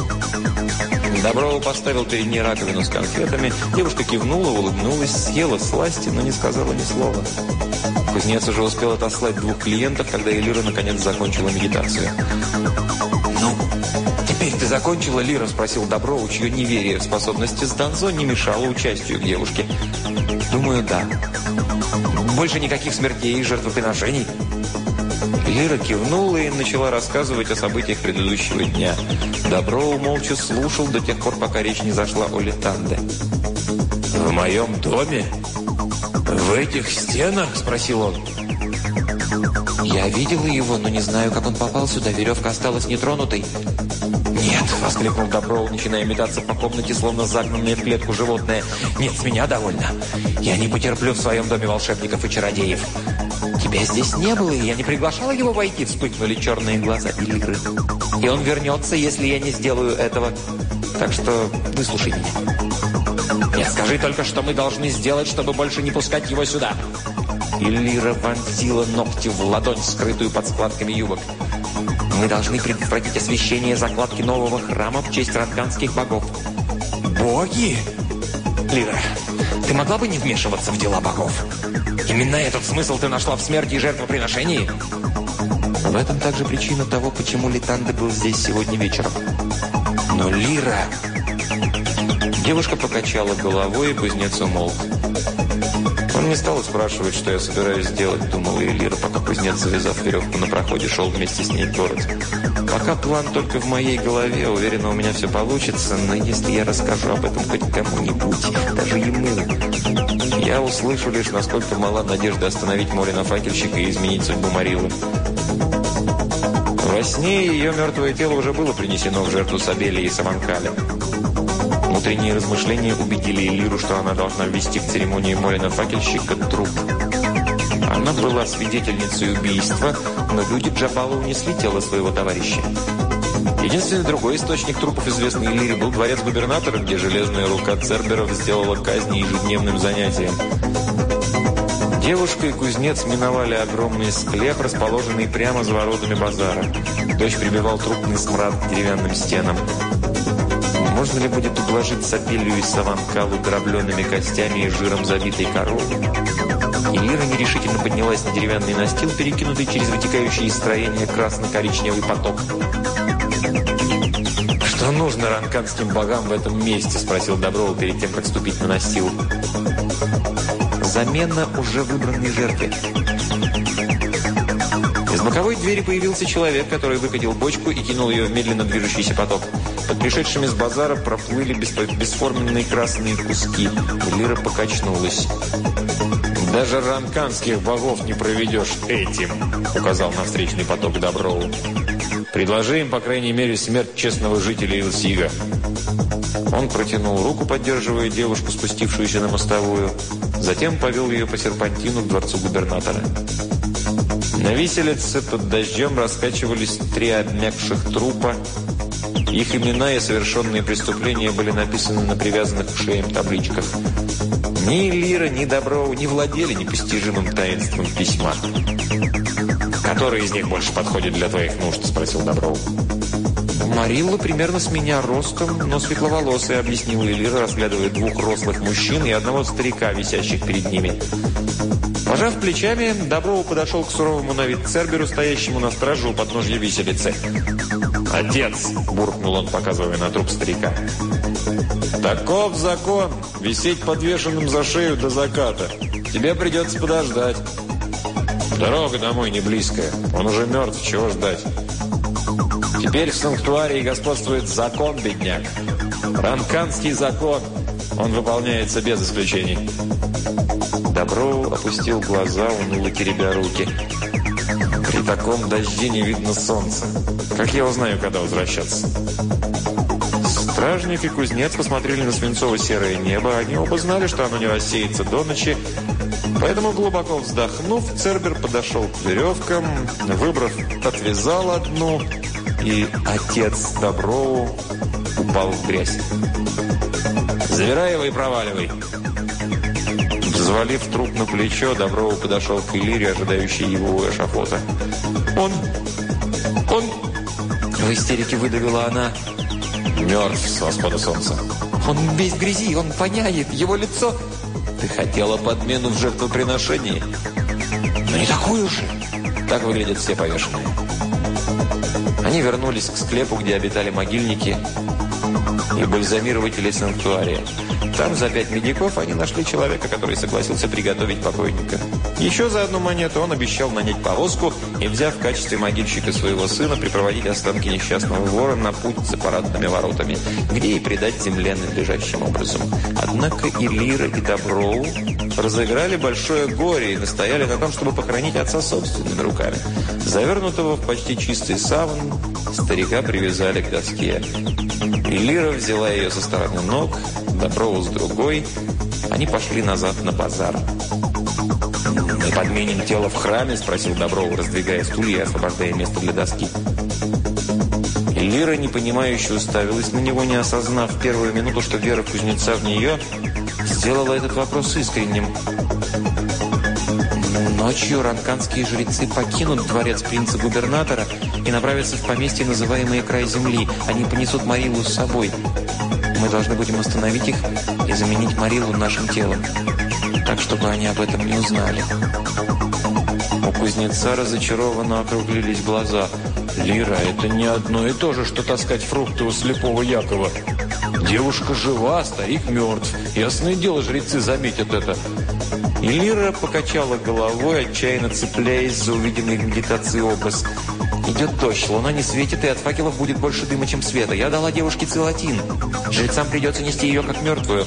Доброва поставил перед ней раковину с конфетами. Девушка кивнула, улыбнулась, съела сласти, но не сказала ни слова. Кузнец уже успел отослать двух клиентов, когда Элира наконец закончила медитацию. «Ну, теперь ты закончила, Лира?» – спросил Доброва, чье неверие в способности с Донзо не мешало участию к девушке. «Думаю, да. Больше никаких смертей и жертвоприношений?» Лира кивнула и начала рассказывать о событиях предыдущего дня. Добро молча слушал до тех пор, пока речь не зашла о Летанде. «В моем доме? В этих стенах?» – спросил он. «Я видела его, но не знаю, как он попал сюда. Веревка осталась нетронутой». «Нет!» – воскликнул Доброу, начиная метаться по комнате, словно загнанное в клетку животное. «Нет, с меня довольно. Я не потерплю в своем доме волшебников и чародеев». «Тебя здесь не было, и я не приглашала его войти», — вспыхнули черные глаза Ильры. «И он вернется, если я не сделаю этого. Так что выслушай меня». «Нет, скажи только, что мы должны сделать, чтобы больше не пускать его сюда». Элира вонзила ногти в ладонь, скрытую под складками юбок. «Мы должны предотвратить освещение закладки нового храма в честь ротганских богов». «Боги?» «Лира, ты могла бы не вмешиваться в дела богов? Именно этот смысл ты нашла в смерти и жертвоприношении? В этом также причина того, почему Литанда был здесь сегодня вечером. Но Лира... Девушка покачала головой, и кузнец умолк не стала спрашивать, что я собираюсь делать, думала Элира, пока кузнец, завязав веревку на проходе, шел вместе с ней в город. Пока план только в моей голове, уверена, у меня все получится, но если я расскажу об этом хоть кому-нибудь, даже ему, я услышу лишь, насколько мала надежда остановить море на факельщика и изменить судьбу Марилы. Во сне ее мертвое тело уже было принесено в жертву Сабели и Саманкаля. Внутренние размышления убедили Элиру, что она должна вести к церемонии Морина факельщика труп. Она была свидетельницей убийства, но люди Джабала унесли тело своего товарища. Единственный другой источник трупов, известный Лире, был дворец губернатора, где железная рука Церберов сделала казни ежедневным занятием. Девушка и кузнец миновали огромный склеп, расположенный прямо за воротами базара. Дочь прибивал трупный смрад к деревянным стенам. Можно ли будет ублажить Сапилью и Саванкалу дробленными костями и жиром забитой коровы? Элира нерешительно поднялась на деревянный настил, перекинутый через вытекающие из строения красно-коричневый поток. «Что нужно ранканским богам в этом месте?» – спросил Доброва перед тем, как ступить на настил. «Замена уже выбранной жертвы». Из боковой двери появился человек, который выкатил бочку и кинул ее в медленно движущийся поток. Под пришедшими с базара проплыли бесформенные красные куски. Лира покачнулась. «Даже ранканских богов не проведешь этим», — указал на встречный поток Доброву. «Предложи им, по крайней мере, смерть честного жителя Илсига». Он протянул руку, поддерживая девушку, спустившуюся на мостовую. Затем повел ее по серпантину к дворцу губернатора. На виселице под дождем раскачивались три обмякших трупа, их имена и совершенные преступления были написаны на привязанных к шеям табличках. Ни Лира, ни Доброу не владели непостижимым таинством письма. «Который из них больше подходит для твоих нужд?» – спросил Доброу. «Марилла примерно с меня ростом, но светловолосая», – объяснила Лира, разглядывая двух рослых мужчин и одного старика, висящих перед ними. Пожав плечами, Доброва подошел к суровому на вид Церберу, стоящему на стражу у подножья виселицы. «Отец!» – буркнул он, показывая на труп старика. «Таков закон! Висеть подвешенным за шею до заката! Тебе придется подождать!» «Дорога домой не близкая, он уже мертв, чего ждать?» «Теперь в санктуарии господствует закон, бедняк! Ранканский закон! Он выполняется без исключений!» Добро опустил глаза, уныло теребя руки. «При таком дожде не видно солнца. Как я узнаю, когда возвращаться?» Стражник и кузнец посмотрели на свинцово-серое небо. Они оба знали, что оно не рассеется до ночи. Поэтому, глубоко вздохнув, Цербер подошел к веревкам, выбрав, отвязал одну, и отец Доброу упал в грязь. «Завираивай и проваливай!» Взвалив труп на плечо, Доброва подошел к Элире, ожидающей его у эшафота. «Он! Он!» В истерике выдавила она. «Мертв с восхода солнца!» «Он весь в грязи, он воняет, его лицо...» «Ты хотела подмену в жертвоприношении?» «Но не такую же!» Так выглядят все повешенные. Они вернулись к склепу, где обитали могильники и бальзамирователи санктуария. Там за пять медиков они нашли человека, который согласился приготовить покойника. Еще за одну монету он обещал нанять повозку и, взяв в качестве могильщика своего сына, припроводить останки несчастного вора на путь с аппаратными воротами, где и предать земле надлежащим образом. Однако и Лира, и Доброу разыграли большое горе и настояли на том, чтобы похоронить отца собственными руками. Завернутого в почти чистый саван, Старика привязали к доске. Элира взяла ее со стороны ног, Доброва с другой. Они пошли назад на базар. «Мы подменим тело в храме?» – спросил Доброва, раздвигая стулья и освобождая место для доски. Лира, непонимающе уставилась на него, не осознав первую минуту, что вера кузнеца в нее, сделала этот вопрос искренним. Ночью ранканские жрецы покинут дворец принца-губернатора – и направятся в поместье, называемое «Край земли». Они понесут Марилу с собой. Мы должны будем остановить их и заменить Марилу нашим телом, так, чтобы они об этом не узнали. У кузнеца разочарованно округлились глаза. «Лира, это не одно и то же, что таскать фрукты у слепого Якова. Девушка жива, а старик мертв. Ясное дело, жрецы заметят это». И Лира покачала головой, отчаянно цепляясь за увиденный в медитации образ. «Идет дождь, луна не светит, и от факелов будет больше дыма, чем света. Я дала девушке целотин. Жрецам придется нести ее как мертвую».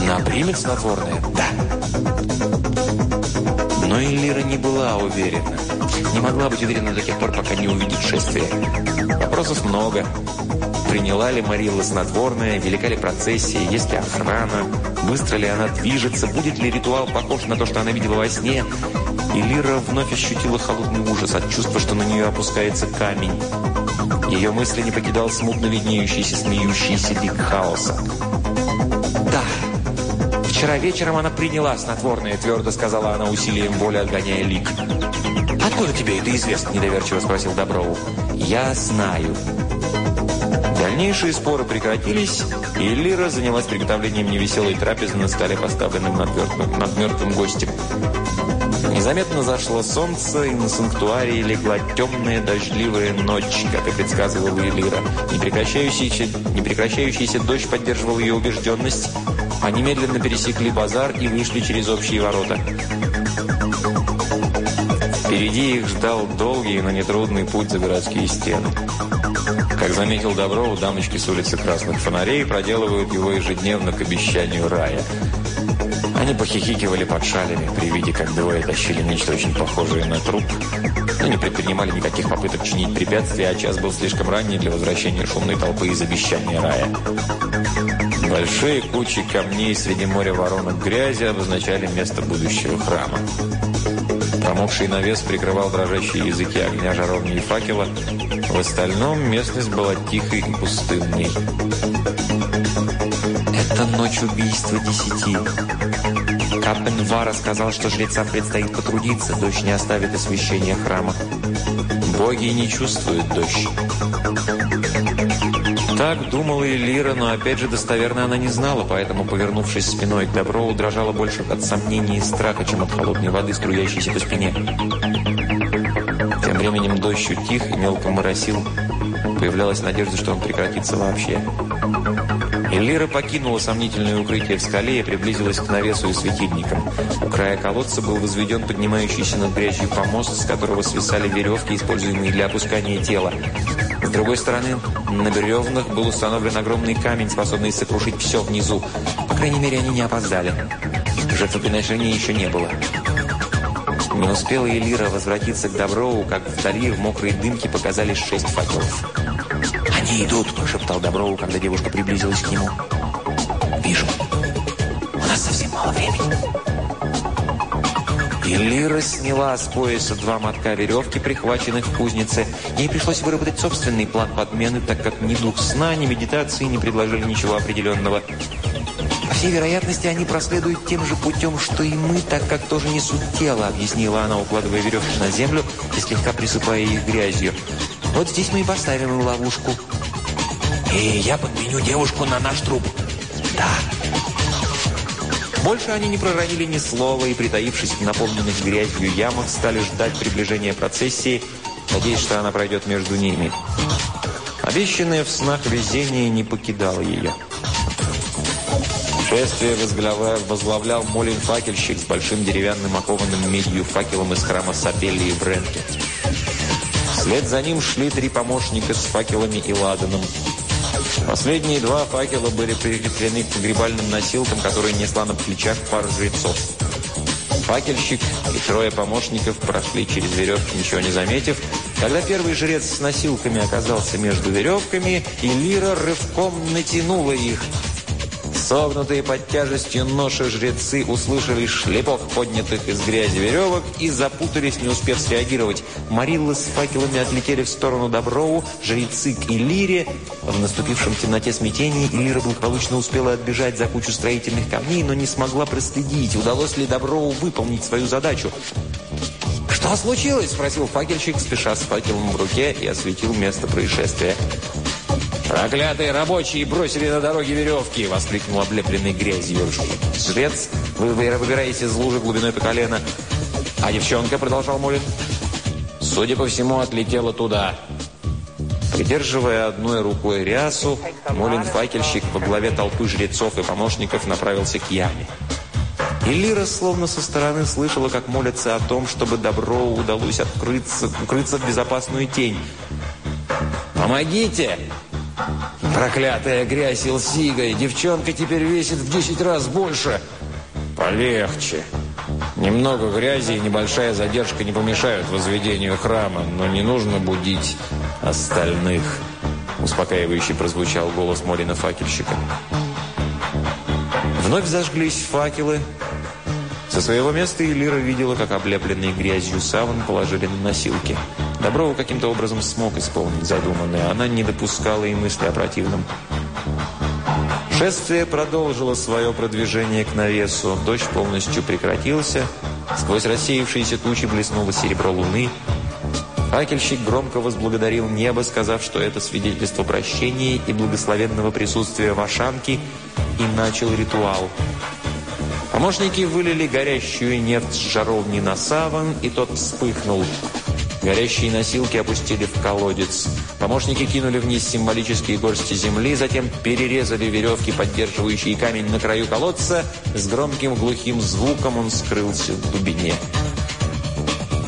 «Она примет снотворное?» «Да». Но и не была уверена. Не могла быть уверена до тех пор, пока не увидит шествие. Вопросов много. Приняла ли Марилла снотворное, велика ли процессия, есть ли охрана... Быстро ли она движется? Будет ли ритуал похож на то, что она видела во сне? И Лира вновь ощутила холодный ужас от чувства, что на нее опускается камень. Ее мысли не покидал смутно виднеющийся, смеющийся лик хаоса. «Да, вчера вечером она приняла снотворное», — твердо сказала она усилием воли, отгоняя лик. «Откуда тебе это известно?» – недоверчиво спросил Доброву. «Я знаю. Дальнейшие споры прекратились, и Лира занялась приготовлением невеселой трапезы на столе, поставленном над мертвым, над мертвым гостем. Незаметно зашло солнце, и на санктуарии легла темная дождливая ночь, как и предсказывала Элира. Непрекращающийся, непрекращающийся дождь поддерживал ее убежденность. Они медленно пересекли базар и вышли через общие ворота. Впереди их ждал долгий, но нетрудный путь за городские стены. Как заметил Доброву, дамочки с улицы Красных Фонарей проделывают его ежедневно к обещанию рая. Они похихикивали под шалями при виде, как двое тащили нечто очень похожее на труп, но не предпринимали никаких попыток чинить препятствия, а час был слишком ранний для возвращения шумной толпы из обещания рая. Большие кучи камней среди моря воронок грязи обозначали место будущего храма. Промокший навес прикрывал дрожащие языки огня жаровни и факела. В остальном местность была тихой и пустынной. «Это ночь убийства десяти», Капенвара сказал, что жрецам предстоит потрудиться, дождь не оставит освещения храма. Боги не чувствуют дождь. Так думала и Лира, но опять же достоверно она не знала, поэтому, повернувшись спиной к добро, удрожала больше от сомнений и страха, чем от холодной воды, струящейся по спине. Тем временем дождь утих и мелко моросил. Появлялась надежда, что он прекратится вообще. И Лира покинула сомнительное укрытие в скале и приблизилась к навесу и светильникам. У края колодца был возведен поднимающийся над грязью помост, с которого свисали веревки, используемые для опускания тела. С другой стороны, на бревнах был установлен огромный камень, способный сокрушить все внизу. По крайней мере, они не опоздали. Жертвоприношения еще не было. Не успела Элира возвратиться к Доброву, как вдали в мокрой дымке показались шесть факелов. «Они идут!» – прошептал Доброву, когда девушка приблизилась к нему. «Вижу. У нас совсем мало времени». Лира сняла с пояса два мотка веревки, прихваченных в кузнице. Ей пришлось выработать собственный план подмены, так как ни дух сна, ни медитации не предложили ничего определенного. По всей вероятности, они проследуют тем же путем, что и мы, так как тоже несут тело, объяснила она, укладывая веревки на землю и слегка присыпая их грязью. Вот здесь мы и поставим им ловушку. И я подменю девушку на наш труп. Да, больше они не проронили ни слова и, притаившись в наполненных грязью ямах, стали ждать приближения процессии, надеясь, что она пройдет между ними. Обещанное в снах везение не покидало ее. Шествие возглавлял молен факельщик с большим деревянным окованным медью факелом из храма Сапелли и Бренки. Вслед за ним шли три помощника с факелами и ладаном – Последние два факела были прикреплены к погребальным носилкам, которые несла на плечах пару жрецов. Факельщик и трое помощников прошли через веревки, ничего не заметив. Когда первый жрец с носилками оказался между веревками, и Лира рывком натянула их – Согнутые под тяжестью ноши жрецы услышали шлепов, поднятых из грязи веревок, и запутались, не успев среагировать. Мариллы с факелами отлетели в сторону Доброу, жрецы к Иллире. В наступившем темноте смятении Иллира благополучно успела отбежать за кучу строительных камней, но не смогла проследить, удалось ли Доброу выполнить свою задачу. «Что случилось?» – спросил факельщик, спеша с факелом в руке и осветил место происшествия. «Проклятые рабочие бросили на дороге веревки!» – воскликнул облепленный грязью жрец. «Вы выбираете из лужи глубиной по колено». «А девчонка?» – продолжал молин. «Судя по всему, отлетела туда». Придерживая одной рукой рясу, Молин-факельщик во главе толпы жрецов и помощников направился к яме. И Лира словно со стороны слышала, как молятся о том, чтобы добро удалось открыться, укрыться в безопасную тень. «Помогите!» Проклятая грязь Илсига, и девчонка теперь весит в 10 раз больше. Полегче. Немного грязи и небольшая задержка не помешают возведению храма, но не нужно будить остальных. Успокаивающе прозвучал голос Молина факельщика. Вновь зажглись факелы. Со своего места Элира видела, как облепленный грязью саван положили на носилки. «Положили на носилки». Доброва каким-то образом смог исполнить задуманное. Она не допускала и мысли о противном. Шествие продолжило свое продвижение к навесу. Дождь полностью прекратился. Сквозь рассеявшиеся тучи блеснуло серебро луны. Факельщик громко возблагодарил небо, сказав, что это свидетельство прощения и благословенного присутствия Вашанки, и начал ритуал. Помощники вылили горящую нефть с жаровни на саван, и тот вспыхнул – Горящие носилки опустили в колодец. Помощники кинули вниз символические горсти земли, затем перерезали веревки, поддерживающие камень на краю колодца. С громким глухим звуком он скрылся в глубине.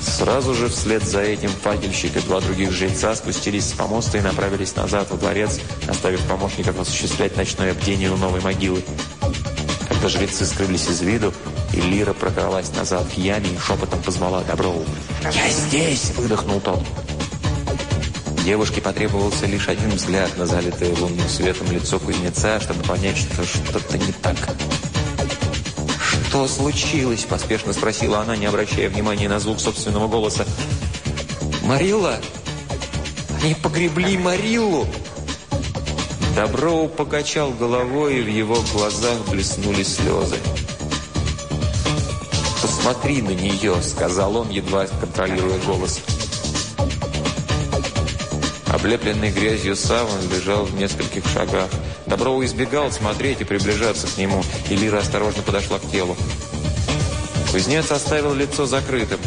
Сразу же вслед за этим факельщик и два других жильца спустились с помоста и направились назад во дворец, оставив помощников осуществлять ночное бдение у новой могилы. Когда жрецы скрылись из виду, и Лира прокралась назад к яме и шепотом позвала Доброву. «Я здесь!» – выдохнул тот. Девушке потребовался лишь один взгляд на залитое лунным светом лицо кузнеца, чтобы понять, что что-то не так. «Что случилось?» – поспешно спросила она, не обращая внимания на звук собственного голоса. «Марилла? Они погребли Мариллу!» Доброу покачал головой, и в его глазах блеснули слезы. «Смотри на нее», — сказал он, едва контролируя голос. Облепленный грязью саван лежал в нескольких шагах. Доброу избегал смотреть и приближаться к нему, и Лира осторожно подошла к телу. Кузнец оставил лицо закрытым.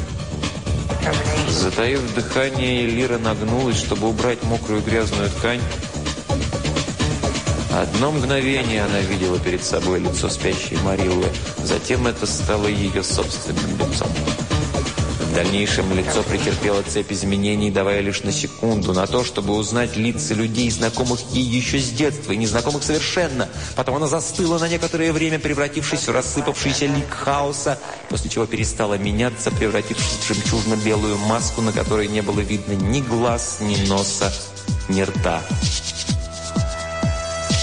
Затаив дыхание, Лира нагнулась, чтобы убрать мокрую грязную ткань, Одно мгновение она видела перед собой лицо спящей Мариллы, затем это стало ее собственным лицом. В дальнейшем лицо претерпело цепь изменений, давая лишь на секунду, на то, чтобы узнать лица людей, знакомых ей еще с детства, и незнакомых совершенно. Потом она застыла на некоторое время, превратившись в рассыпавшийся лик хаоса, после чего перестала меняться, превратившись в жемчужно-белую маску, на которой не было видно ни глаз, ни носа, ни рта.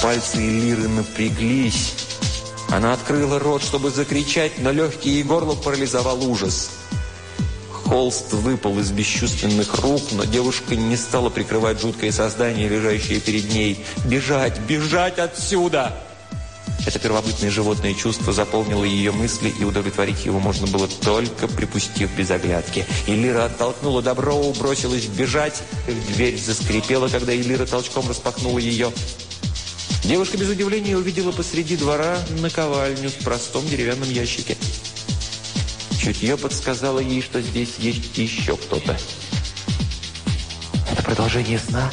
Пальцы Элиры напряглись. Она открыла рот, чтобы закричать, но легкие и горло парализовал ужас. Холст выпал из бесчувственных рук, но девушка не стала прикрывать жуткое создание, лежащее перед ней. «Бежать! Бежать отсюда!» Это первобытное животное чувство заполнило ее мысли, и удовлетворить его можно было только припустив без оглядки. Элира оттолкнула Доброу, бросилась бежать. Дверь заскрипела, когда Элира толчком распахнула ее. Девушка без удивления увидела посреди двора наковальню в простом деревянном ящике. Чутье подсказало ей, что здесь есть еще кто-то. «Это продолжение сна?»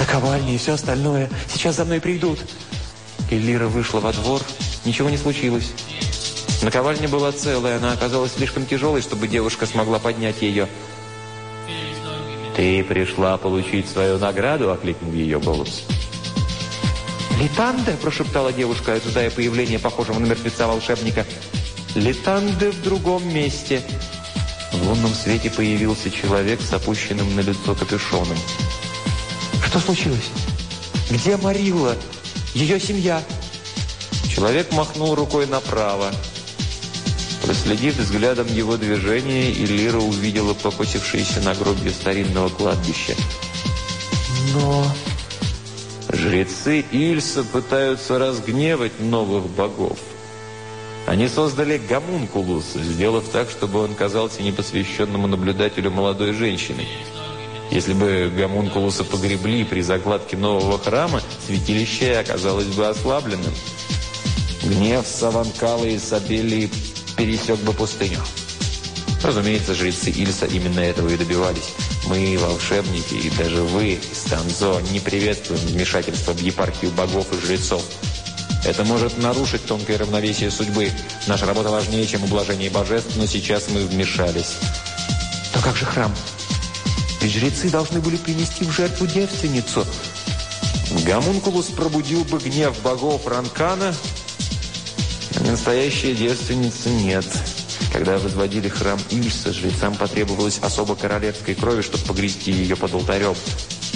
«Наковальня и все остальное. Сейчас за мной придут». И Лира вышла во двор. Ничего не случилось. Наковальня была целая, она оказалась слишком тяжелой, чтобы девушка смогла поднять ее. «Ты пришла получить свою награду?» – окликнул ее голос. «Литанде!» – прошептала девушка, ожидая появления похожего на мертвеца волшебника. «Литанде в другом месте!» В лунном свете появился человек с опущенным на лицо капюшоном. «Что случилось? Где Марилла? Ее семья?» Человек махнул рукой направо. Проследив взглядом его движение, Элира увидела на гробе старинного кладбища. «Но...» Жрецы Ильса пытаются разгневать новых богов. Они создали гомункулус, сделав так, чтобы он казался непосвященному наблюдателю молодой женщиной. Если бы гомункулуса погребли при закладке нового храма, святилище оказалось бы ослабленным. Гнев Саванкала и Сабели пересек бы пустыню. Разумеется, жрецы Ильса именно этого и добивались. Мы, волшебники, и даже вы, Станзо, не приветствуем вмешательство в епархию богов и жрецов. Это может нарушить тонкое равновесие судьбы. Наша работа важнее, чем ублажение божеств, но сейчас мы вмешались. Но как же храм? Ведь жрецы должны были принести в жертву девственницу. Гомункулус пробудил бы гнев богов Ранкана, а настоящей девственницы Нет. Когда возводили храм Ильса, жрецам потребовалось особо королевской крови, чтобы погрести ее под алтарем.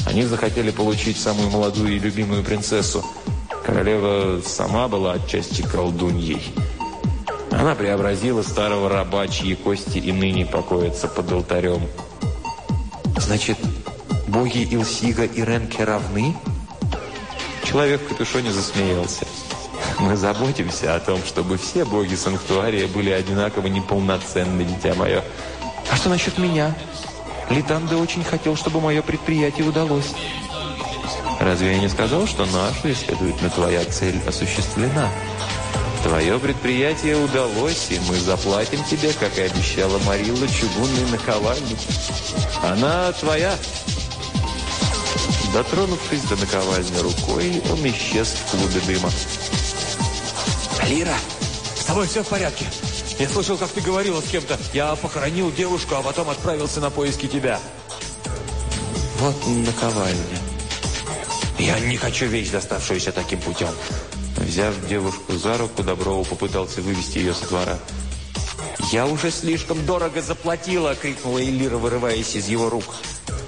Они захотели получить самую молодую и любимую принцессу. Королева сама была отчасти колдуньей. Она преобразила старого раба, чьи кости и ныне покоятся под алтарем. «Значит, боги Илсига и Ренке равны?» Человек в капюшоне засмеялся. Мы заботимся о том, чтобы все боги санктуария были одинаково неполноценны, дитя мое. А что насчет меня? Литанда очень хотел, чтобы мое предприятие удалось. Разве я не сказал, что наша и, твоя цель осуществлена? Твое предприятие удалось, и мы заплатим тебе, как и обещала Марилла, чугунный наковальник. Она твоя. Дотронувшись до наковальни рукой, он исчез в клубе дыма. Лира, с тобой все в порядке? Я слышал, как ты говорила с кем-то. Я похоронил девушку, а потом отправился на поиски тебя. Вот наковальня. Я не хочу вещь, доставшуюся таким путем. Взяв девушку за руку, Доброва попытался вывести ее со двора. «Я уже слишком дорого заплатила!» – крикнула Элира, вырываясь из его рук.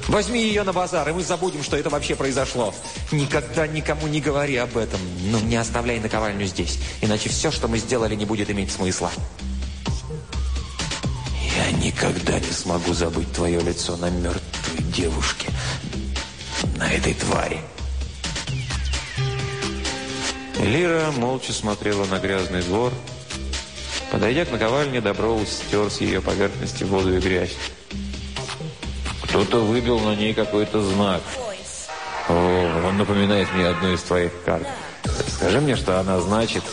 «Возьми ее на базар, и мы забудем, что это вообще произошло. Никогда никому не говори об этом, но ну, не оставляй наковальню здесь, иначе все, что мы сделали, не будет иметь смысла». «Я никогда не смогу забыть твое лицо на мертвой девушке, на этой твари». Лира молча смотрела на грязный двор, Подойдя а к наковальне, Доброус стер с ее поверхности воду и грязь. Кто-то выбил на ней какой-то знак. О, он напоминает мне одну из твоих карт. Скажи мне, что она значит,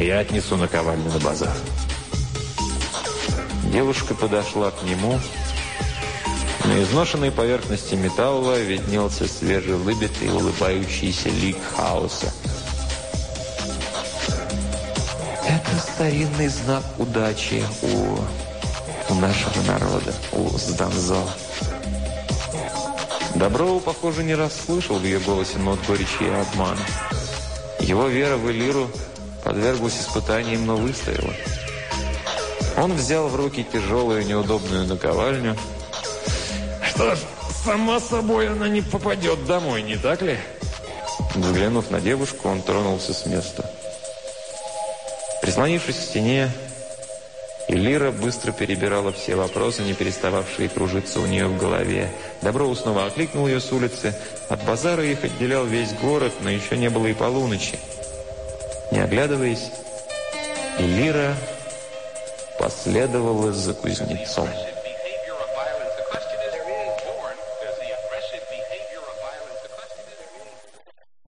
и я отнесу наковальню на базар. Девушка подошла к нему. На изношенной поверхности металла виднелся свежевыбитый улыбающийся лик хаоса. старинный знак удачи у, нашего народа, у Сданзо. Доброва, похоже, не раз слышал в ее голосе нот горечи и обмана. Его вера в Элиру подверглась испытаниям, но выстояла. Он взял в руки тяжелую неудобную наковальню. «Что ж, сама собой она не попадет домой, не так ли?» Взглянув на девушку, он тронулся с места. Прислонившись к стене, Элира быстро перебирала все вопросы, не перестававшие кружиться у нее в голове. Добро снова окликнул ее с улицы. От базара их отделял весь город, но еще не было и полуночи. Не оглядываясь, Элира последовала за кузнецом.